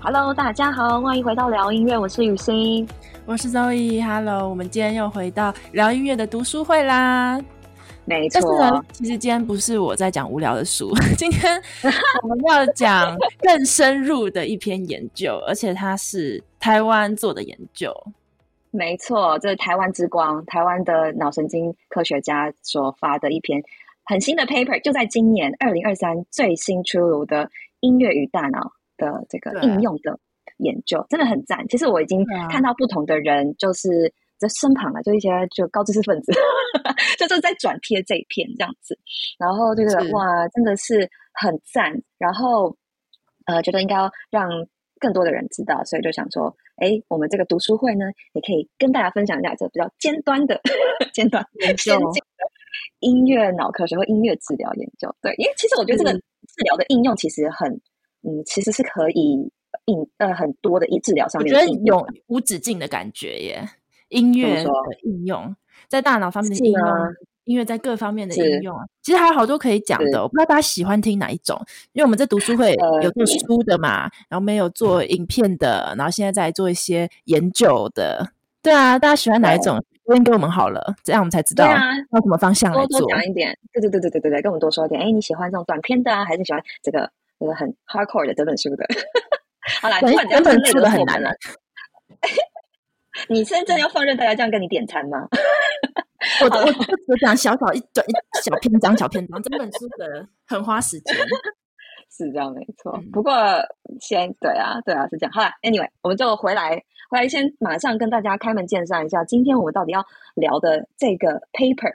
Hello，大家好，歡迎回到療音樂。我是雨欣，我是周易。Hello，我們今天又回到療音樂的讀書會啦。沒錯，其實今天不是我在講無聊的書，今天我們要講更深入的一篇研究，而且它是台灣做的研究。沒錯，這是台灣之光，台灣的腦神經科學家所發的一篇很新的 paper，就在今年二零二三最新出爐的音樂與大腦。的這個應用的研究對真的很贊。其實我已經看到不同的人，就是在、啊、身旁啊，就一些就高知識分子， 就是在轉貼這一篇這樣子。然後這個是哇，真的是很贊。然後呃，覺得應該要讓更多的人知道，所以就想說，哎、欸，我們這個讀書會呢，也可以跟大家分享一下這比較尖端的尖端研音樂腦科學和音樂治療研究。對，因、欸、為其實我覺得這個治療的應用其實很。嗯，其實是可以引呃很多的，一治療上面，我覺得有無止境的感覺耶。音樂的應用在大腦方面的應用，嗎音樂在各方面的應用是其實還有好多可以講的。是我不知道大家喜歡聽哪一種，因為我們在讀書會有做書的嘛，呃、然後沒有做影片的，嗯、然後現在在做一些研究的。對啊，大家喜歡哪一種？對先給我們好了，這樣我們才知道、啊、要什麼方向來做。來多多講一點，對對對對對對對，跟我們多說一點。哎，你喜歡這種短片的啊，還是你喜歡這個？很 hardcore 的這本書的， 好啦，大對管本書的很難了。 你現在真的要放任大家這樣跟你點餐嗎？我的啦我不只想小小一轉、一小篇章，小篇章， 這本書的很花時間。是這、啊、樣沒錯，嗯、不過先對啊對啊是這樣。好啦，Anyway，我們就回來回來，先馬上跟大家開門見山一下，今天我們到底要聊的這個 paper。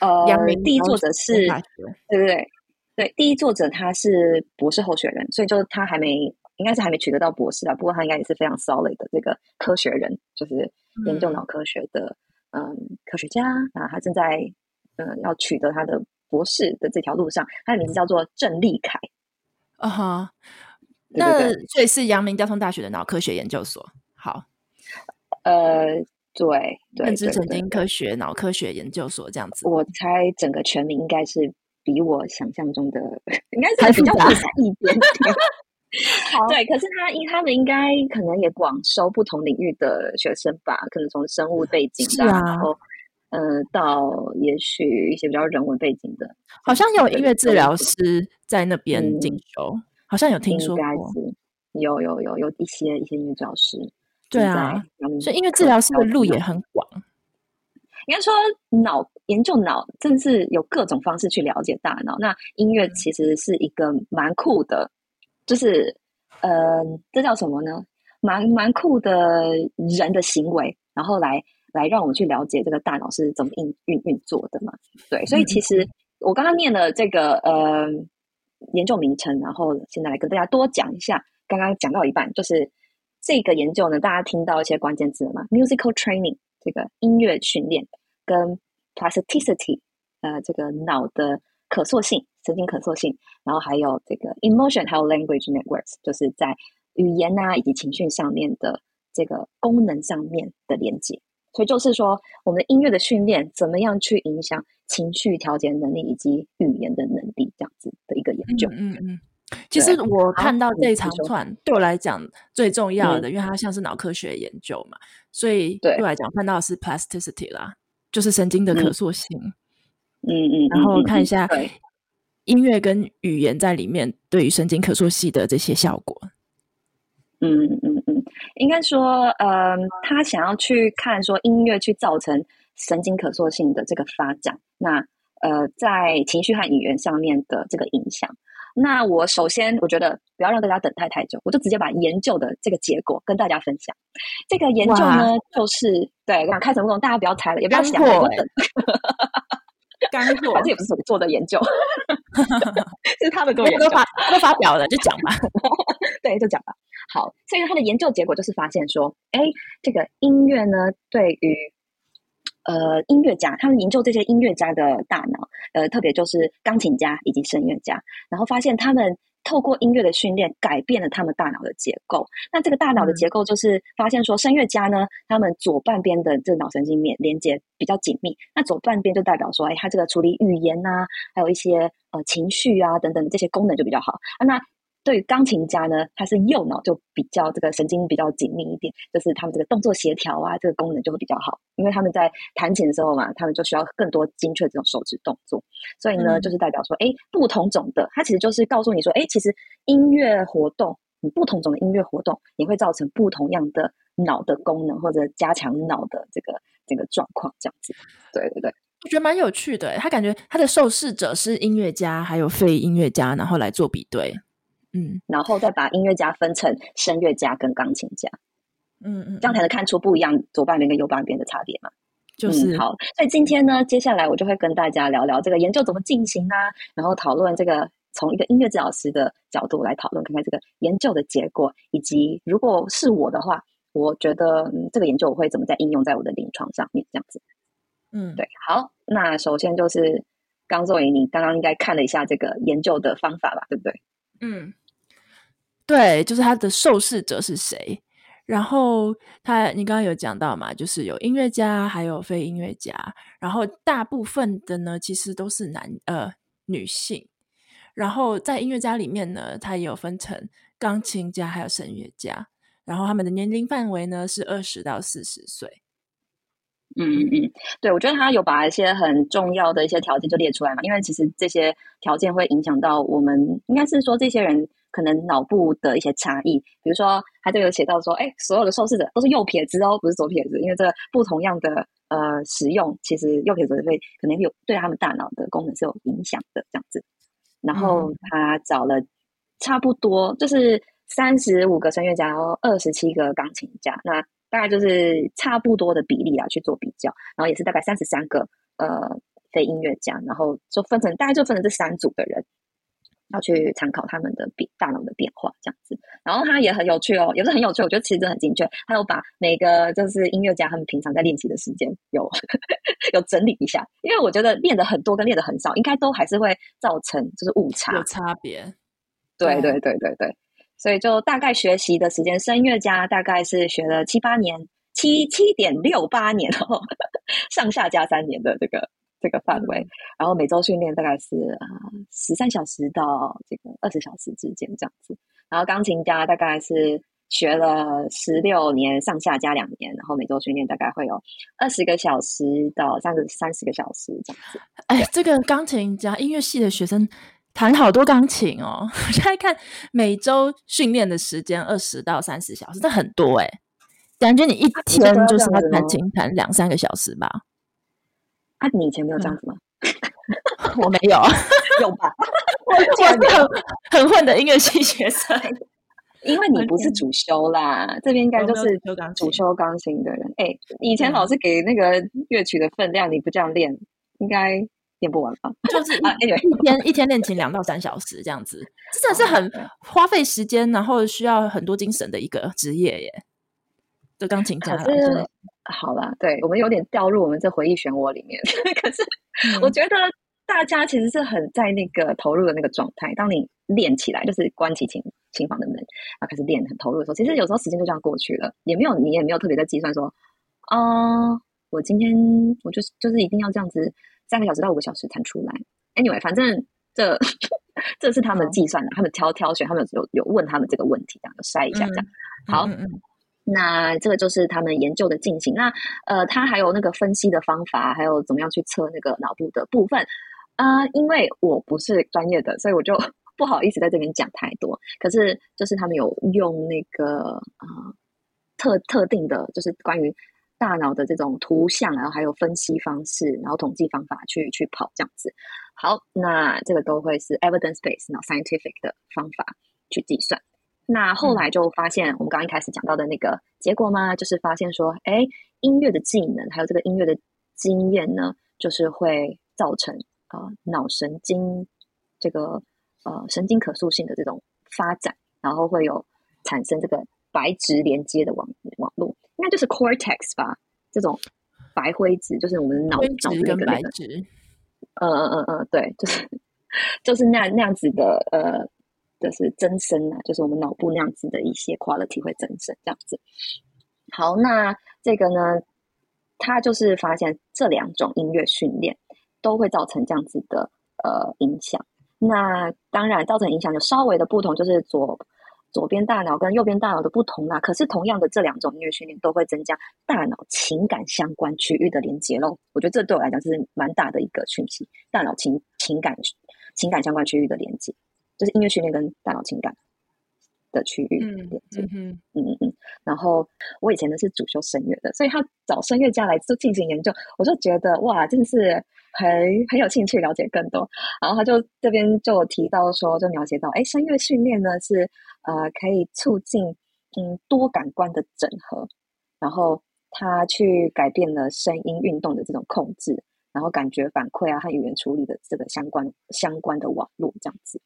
呃，陽明第一作者是，嗯、對對對，對，第一作者他是博士候選人，所以就他還沒，應該是還沒取得到博士吧，不過他應該也是非常 solid 的這個科學人，就是研究腦科學的，嗯，嗯，嗯，科學家啊，他正在嗯要取得他的博士的這條路上，嗯、他的名字叫做鄭立凱，啊哈、嗯，對對，那所以是陽明交通大學的腦科學研究所，好，呃。對，認知神經科學腦科學研究所，這樣子，對對對對對，我猜整個全名應該是比我想象中的應該是還複雜一點點。 好對，可是他因他們應該可能也廣收不同領域的學生吧，可能從生物背景的，啊、然後嗯、呃，到也許一些比較人文背景的，好像有音樂治療師在那邊進修，嗯、好像有聽說過，有有有有一些一些音樂教師。對啊，所以音樂治療師的路也很廣。應該說，腦研究腦真是有各種方式去了解大腦。那音樂其實是一個蠻酷的，就是嗯、呃，這叫什麼呢？蠻蠻酷的人的行為，然後來來讓我們去了解這個大腦是怎麼運運運作的嘛？對，所以其實我剛剛念了這個呃研究名稱，然後現在來跟大家多講一下，剛剛講到一半就是。這個研究呢，大家聽到一些關鍵字了嘛？musical training 這個音樂訓練，跟 plasticity 呃，這個腦的可塑性，神經可塑性，然後還有這個 emotion 還有 language networks，就是在語言吶啊以及情緒上面的這個功能上面的連接。所以就是說，我們的音樂的訓練怎麼樣去影響情緒調節能力以及語言的能力，這樣子的一個研究。嗯嗯。嗯嗯其實我看到這一長串，對我來講最重要的，對因為它像是腦科學研究嘛，所以對我來講，看到的是 plasticity 啦，對就是神經的可塑性。嗯嗯。然後看一下音樂跟語言在裡面對於神經可塑性的這些效果。嗯嗯嗯，嗯嗯嗯應該說，嗯、呃，他想要去看說音樂去造成神經可塑性的這個發展，那呃，在情緒和語言上面的這個影響。那我首先，我覺得不要讓大家等太太久，我就直接把研究的這個結果跟大家分享。這個研究呢，哇就是對，我想開誠布公，大家不要猜了，也不要想。剛做完，這也，火也不是我做的研究，是他們的都都發都發表了，就講嘛。對，就講吧。好，所以他的研究結果就是發現說，哎、欸，這個音樂呢，對於呃，音樂家，他們研究這些音樂家的大腦，呃，特別就是鋼琴家以及聲樂家，然後發現他們透過音樂的訓練，改變了他們大腦的結構。那這個大腦的結構，就是發現說，聲樂家呢，他們左半邊的這腦神經連連接比較緊密，那左半邊就代表說，哎，他這個處理語言吶、啊，還有一些呃情緒啊等等的這些功能就比較好。那對於鋼琴家呢，他是右腦就比較這個神經比較緊密一點，就是他們這個動作協調啊，這個功能就會比較好，因為他們在彈琴的時候嘛，他們就需要更多精確這種手指動作，所以呢，嗯、就是代表說，哎，不同種的，它其實就是告訴你說，哎，其實音樂活動，你不同種的音樂活動，也會造成不同樣的腦的功能或者加強腦的這個這個狀況這樣子。對對對，我覺得蠻有趣的。欸，他感覺他的受試者是音樂家還有非音樂家，然後來做比對。嗯，然後再把音樂家分成聲樂家跟鋼琴家，嗯嗯，這樣才能看出不一樣左半邊跟右半邊的差別嘛。就是、嗯、好，所以今天呢，接下來我就會跟大家聊聊這個研究怎麼進行啊，然後討論這個從一個音樂治療師的角度來討論看看這個研究的結果，以及如果是我的話，我覺得、嗯、這個研究我會怎麼再應用在我的臨床上面這樣子。嗯，對，好，那首先就是剛作為你剛剛應該看了一下這個研究的方法吧，對不對？嗯。對，就是他的受試者是誰？然後他，你剛剛有講到嘛，就是有音樂家，還有非音樂家。然後大部分的呢，其實都是男呃女性。然後在音樂家裡面呢，他也有分成鋼琴家，還有聲樂家。然後他們的年齡範圍呢是二十到四十歲。嗯嗯嗯，對，我覺得他有把一些很重要的一些條件就列出來嘛，因為其實這些條件會影響到我們，應該是說這些人。可能腦部的一些差異，比如說，他就有寫到說，哎、欸，所有的受試者都是右撇子哦，不是左撇子，因為這不同樣的呃使用，其實右撇子會可能會有對他們大腦的功能是有影響的這樣子。然後他找了差不多就是三十五個聲樂家，然後二十七個鋼琴家，那大概就是差不多的比例啊去做比較。然後也是大概三十三個呃非音樂家，然後就分成大概就分成這三組的人。要去參考他們的變大腦的變化這樣子，然後他也很有趣哦，也是很有趣。我覺得其實真的很精確，還有把每個就是音樂家他們平常在練習的時間有 有整理一下，因為我覺得練的很多跟練的很少，應該都還是會造成就是誤差有差別。對對對對對，所以就大概學習的時間，聲樂家大概是學了七八年，七七點六八年哦， 上下加三年的這個。這個範圍，然後每週訓練大概是啊十三小時到這個二十小時之間這樣子。然後鋼琴家大概是學了十六年上下加兩年，然後每週訓練大概會有二十個小時到三十三十個小時這樣子。哎，對這個鋼琴家音樂系的學生彈好多鋼琴哦。我現在看每週訓練的時間二十到三十小時，這很多哎、欸，感覺你一天就是要彈琴彈兩三個小時吧？啊那、啊、你以前沒有這樣子嗎？嗯、我沒有，有 吧？我是很很混的音樂系學生， 因為你不是主修啦，這邊應該就是主修鋼琴的人。哎、欸，以前老師給那個樂曲的分量，你不這樣練，嗯、應該練不完吧？就是一天 一天一天練琴兩到三小時這樣子，真的是很花費時間，然後需要很多精神的一個職業耶，做鋼琴家。好了，對，我們有點掉入我們這回憶漩渦裡面。可是我覺得大家其實是很在那個投入的那個狀態。當你練起來，就是關起琴琴房的門，然、啊、後開始練，很投入的時候，其實有時候時間就這樣過去了，也沒有你也沒有特別在計算說，啊、哦，我今天我就是就是一定要這樣子三個小時到五個小時才出來。Anyway，反正這這是他們計算的，好他們挑挑選，他們有有問他們這個問題這樣就篩一下這樣。嗯、好。嗯嗯那這個就是他們研究的進行，那呃，他還有那個分析的方法，還有怎麼樣去測那個腦部的部分，啊、呃，因為我不是專業的，所以我就不好意思在這邊講太多。可是就是他們有用那個啊、呃、特特定的，就是關於大腦的這種圖像，然後還有分析方式，然後統計方法去去跑這樣子。好，那這個都會是 evidence-based、腦 scientific 的方法去計算。那後來就發現，我們剛剛一開始講到的那個結果嘛，嗯、就是發現說，哎，音樂的技能還有這個音樂的經驗呢，就是會造成呃腦神經這個呃神經可塑性的這種發展，然後會有產生這個白質連接的網絡網絡，應該就是 cortex 吧，這種白灰質，就是我們腦腦部的白質，嗯嗯嗯嗯，對，就是就是那那樣子的呃。這是增生啊，就是我們腦部那樣子的一些 quality 會增生這樣子。好，那這個呢，他就是發現這兩種音樂訓練都會造成這樣子的呃影響。那當然造成影響有稍微的不同，就是左左邊大腦跟右邊大腦的不同啦、啊。可是同樣的這兩種音樂訓練都會增加大腦情感相關區域的連接咯。我覺得這對我來講是蠻大的一個訊息，大腦情情感情感相關區域的連接。就是音樂訓練跟大腦情感的區域嗯嗯嗯，嗯。然後我以前呢是主修聲樂的，所以他找聲樂家來做進行研究，我就覺得哇，真是很很有興趣，了解更多。然後他就這邊就提到說，就了解到，哎，聲樂訓練呢是呃可以促進嗯多感官的整合，然後他去改變了聲音運動的這種控制。然後感覺反饋啊和語言處理的這個相關相關的網絡這樣子，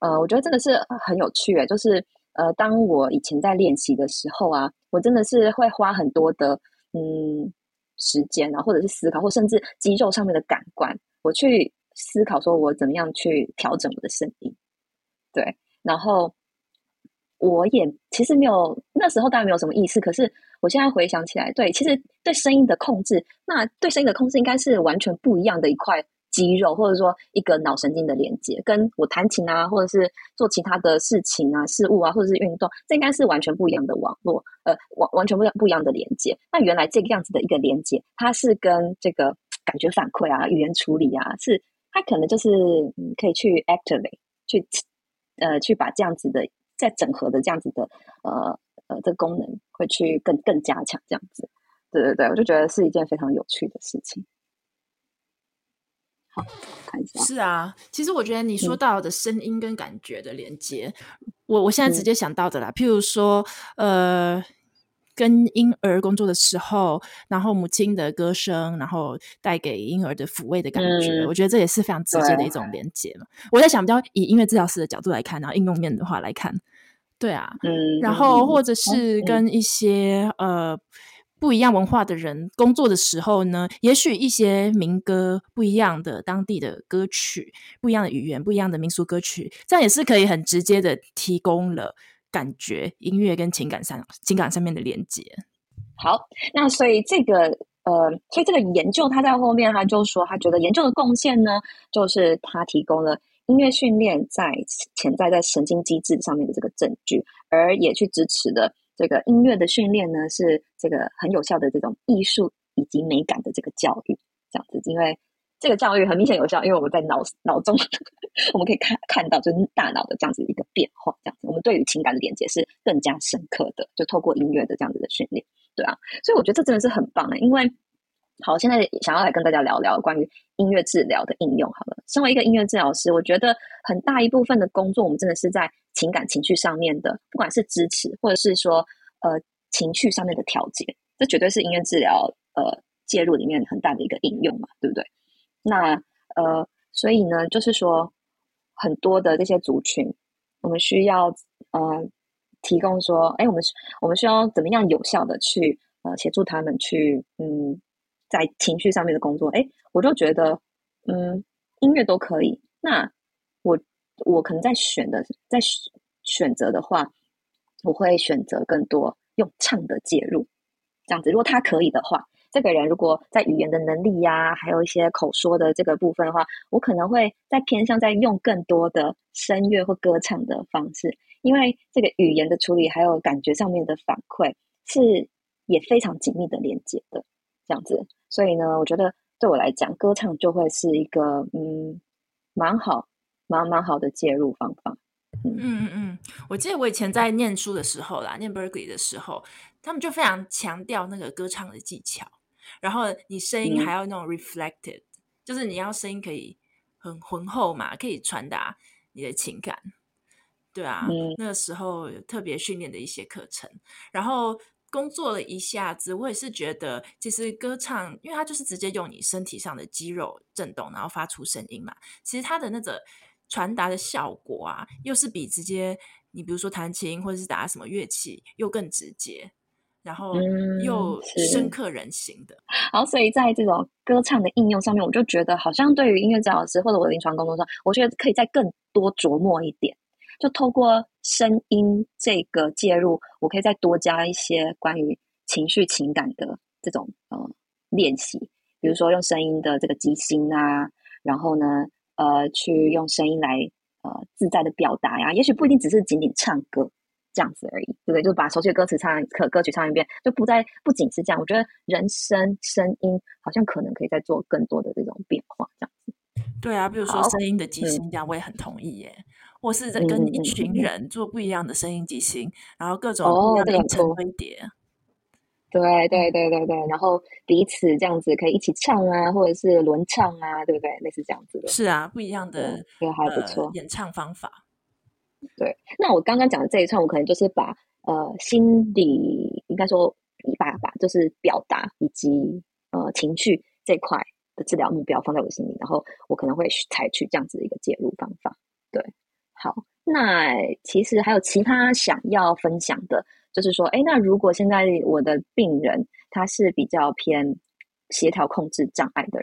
呃，我覺得真的是很有趣哎。就是呃，當我以前在練習的時候啊，我真的是會花很多的嗯時間啊，或者是思考，或甚至肌肉上面的感官，我去思考說我怎麼樣去調整我的聲音。對，然後我也其實沒有那時候當然沒有什麼意思，可是。我現在回想起來，對，其實對聲音的控制，那對聲音的控制應該是完全不一樣的一塊肌肉，或者說一個腦神經的連接，跟我彈琴啊，或者是做其他的事情啊、事物啊，或者是運動，這應該是完全不一樣的網絡，呃，完完全不不一樣的連接。那原來這個樣子的一個連接，它是跟這個感覺反饋啊、語言處理啊，是它可能就是可以去 actively 去呃去把這樣子的再整合的這樣子的呃。呃，這個功能會去更更加強這樣子，對對對，我就覺得是一件非常有趣的事情。好，看一下，是啊，其實我覺得你說到的聲音跟感覺的連接，嗯、我我現在直接想到的啦，嗯、譬如說，呃，跟嬰兒工作的時候，然後母親的歌聲，然後帶給嬰兒的撫慰的感覺，嗯、我覺得這也是非常直接的一種連接嘛。對我在想，比較以音樂治療師的角度來看，然後應用面的話來看。對啊，嗯，然後或者是跟一些，嗯，呃不一樣文化的人工作的時候呢，也許一些民歌、不一樣的當地的歌曲，不一樣的語言，不一樣的民俗歌曲，這樣也是可以很直接的提供了感覺，音樂跟情感上、情感上面的連接。好，那所以這個呃，所以這個研究他在後面他就說，他覺得研究的貢獻呢，就是他提供了。音樂訓練在潛在在神經機制上面的這個證據，而也去支持的這個音樂的訓練呢，是這個很有效的這種藝術以及美感的這個教育，這樣子。因為這個教育很明顯有效，因為我們在腦腦中我們可以看看到，就是大腦的這樣子一個變化，這樣子，我們對於情感的連接是更加深刻的，就透過音樂的這樣子的訓練，對啊，所以我覺得這真的是很棒的，因為。好，現在想要來跟大家聊聊關於音樂治療的應用好了。身為一個音樂治療師，我覺得很大一部分的工作，我們真的是在情感情緒上面的，不管是支持，或者是說呃情緒上面的調節，這絕對是音樂治療呃介入裡面很大的一個應用嘛，對不對？那呃，所以呢，就是說很多的這些族群，我們需要呃提供說，誒我們我們需要怎麼樣有效地去呃協助他們去嗯。在情緒上面的工作，誒，我就覺得，嗯，音樂都可以。那我我可能在選的，在選擇的話，我會選擇更多用唱的介入，這樣子。如果他可以的話，這個人如果在語言的能力呀、啊，還有一些口說的這個部分的話，我可能會在偏向在用更多的聲樂或歌唱的方式，因為這個語言的處理還有感覺上面的反饋是也非常緊密的連接的。這樣子，所以呢，我覺得對我來講，歌唱就會是一個嗯，蠻好，蠻蠻好，好的介入方法。嗯嗯嗯，我記得我以前在念書的時候啦，念 Berklee 的時候，他們就非常強調那個歌唱的技巧，然後你聲音還要那種 reflected、嗯、就是你要聲音可以很渾厚嘛，可以傳達你的情感。對啊，嗯、那個時候有特別訓練的一些課程，然後。工作了一下子，我也是覺得，其實歌唱，因為它就是直接用你身體上的肌肉震動，然後發出聲音嘛。其實它的那個傳達的效果啊，又是比直接你比如說彈琴或者是打什麼樂器，又更直接，然後又深刻人心的。然後、嗯，所以在這種歌唱的應用上面，我就覺得，好像對於音樂治療師或者我的臨床工作上，我覺得可以再更多琢磨一點，就透過。聲音這個介入，我可以再多加一些關於情緒情感的這種呃練習，比如說用聲音的這個即興啊，然後呢呃去用聲音來呃自在的表達呀、啊，也許不一定只是僅僅唱歌這樣子而已，對不對？就把熟悉的歌詞唱可歌曲唱一遍，就不再不僅是這樣。我覺得人聲聲，聲音好像可能可以再做更多的這種變化，這樣子。對啊，比如說聲音的即興這樣，我也很同意耶。或是在跟一群人做不一樣的聲音即興，嗯嗯嗯、然後各種要疊成疊，對對對對對，對，然後彼此這樣子可以一起唱啊，或者是輪唱啊，對不對？類似這樣子的。是啊，不一樣的、哦、還不錯、呃。演唱方法。對，那我剛剛講的這一串，我可能就是把呃心理應該說把把就是表達以及呃情緒這一塊的治療目標放在我心裡，然後我可能會採取這樣子的一個介入方法。那其實還有其他想要分享的，就是說，哎、欸，那如果現在我的病人他是比較偏協調控制障礙的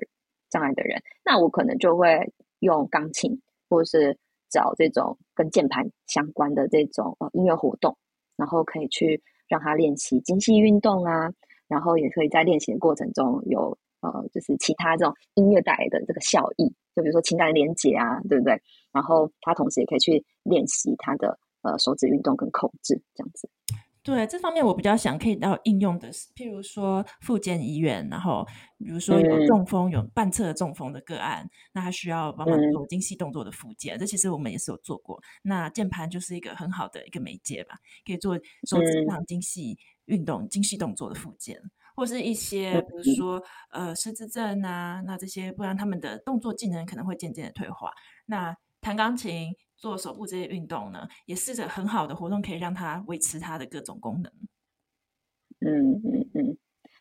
障礙的人，那我可能就會用鋼琴，或者是找這種跟鍵盤相關的這種呃音樂活動，然後可以去讓他練習精細運動啊，然後也可以在練習的過程中有。呃，就是其他這種音樂帶來的這個效益，就比如說情感連接啊，對不對？然後他同時也可以去練習他的呃手指運動跟控制，這樣子。對，這方面，我比較想可以到應用的是，譬如說復健醫院，然後比如說有中風、嗯、有半側中風的個案，那他需要幫忙做精細動作的復健。嗯、這其實我們也是有做過。那鍵盤就是一個很好的一個媒介吧，可以做手指上精細運動、嗯、精細動作的復健。或是一些，比如說，呃，失智症啊，那這些，不然他們的動作技能可能會漸漸的退化。那彈鋼琴、做手部這些運動呢，也是個很好的活動，可以讓他維持他的各種功能。嗯嗯嗯，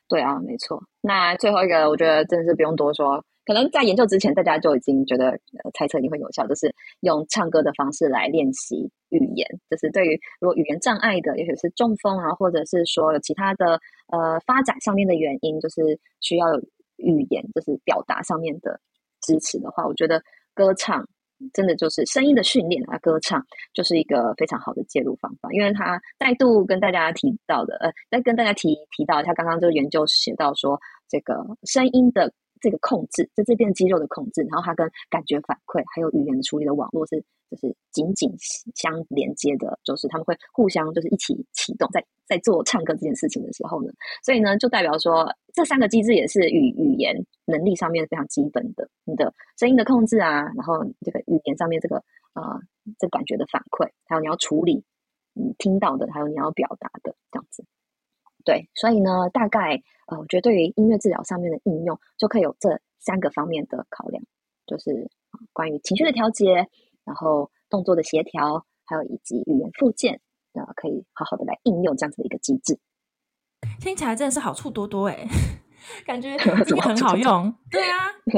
對啊，沒錯。那最後一個，我覺得真的是不用多說。可能在研究之前，大家就已經覺得，呃，猜測一定會有效，就是用唱歌的方式來練習語言。就是對於如果語言障礙的，也許是中風啊，或者是說有其他的呃發展上面的原因，就是需要有語言，就是表達上面的支持的話，我覺得歌唱真的就是聲音的訓練啊，歌唱就是一個非常好的介入方法，因為他再度跟大家提到的，呃，再跟大家提提到的，他剛剛就研究寫到說，這個聲音的。這個控制在這邊肌肉的控制，然後它跟感覺反饋還有語言處理的網絡是就是緊緊相連接的，就是他們會互相就是一起啟動，在在做唱歌這件事情的時候呢，所以呢就代表說這三個機制也是語語言能力上面非常基本的，你的聲音的控制啊，然後這個語言上面這個啊、呃、這感覺的反饋，還有你要處理你聽到的，還有你要表達的，這樣子。對，所以呢，大概呃，我覺得對於音樂治療上面的應用，就可以有這三個方面的考量，就是關於情緒的調節，然後動作的協調，還有以及語言復健，呃，可以好好的來應用這樣子的一個機制。聽起來真的是好處多多哎。 感覺很好用，對啊，你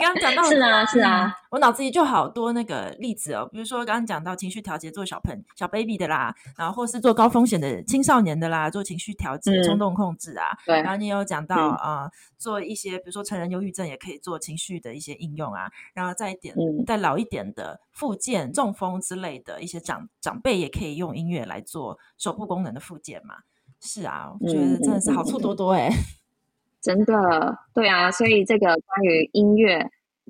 剛剛講到是啊是啊，是啊是啊，我腦子裡就好多那個例子哦，比如說剛剛講到情緒調節，做小朋小 baby 的啦，然後或是做高風險的青少年的啦，做情緒調節、衝動控制啊，嗯、然後你也有講到啊、嗯呃，做一些比如說成人憂鬱症也可以做情緒的一些應用啊，然後再一點，嗯、再老一點的復健、中風之類的一些長長輩也可以用音樂來做手部功能的復健嘛。是啊，我覺得真的是好處多多哎、欸。嗯嗯嗯嗯嗯嗯真的，對啊，所以這個關於音樂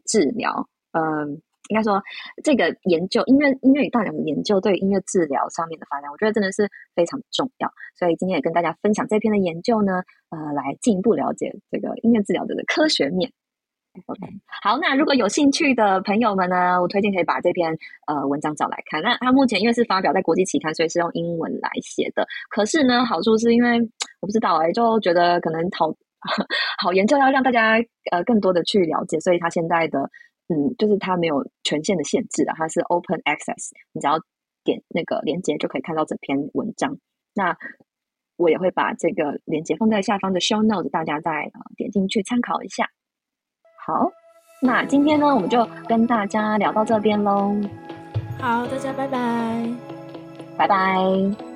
治療，嗯、呃，應該說這個研究，音樂音樂與大腦的研究，對音樂治療上面的發展，我覺得真的是非常重要。所以今天也跟大家分享這篇的研究呢，呃，來進一步了解這個音樂治療的科學面。OK，好，那如果有興趣的朋友們呢，我推薦可以把這篇呃文章找來看。那它目前因為是發表在國際期刊，所以是用英文來寫的。可是呢，好處是因為我不知道哎、欸，就覺得可能討。好，研究要讓大家呃更多的去了解，所以它現在的嗯，就是它沒有權限的限制的、啊，它是 open access，你只要點那個連結就可以看到整篇文章。那我也會把這個連結放在下方的 show notes，大家再、呃、點進去參考一下。好，那今天呢，我們就跟大家聊到這邊嘍。好，大家拜拜，拜拜。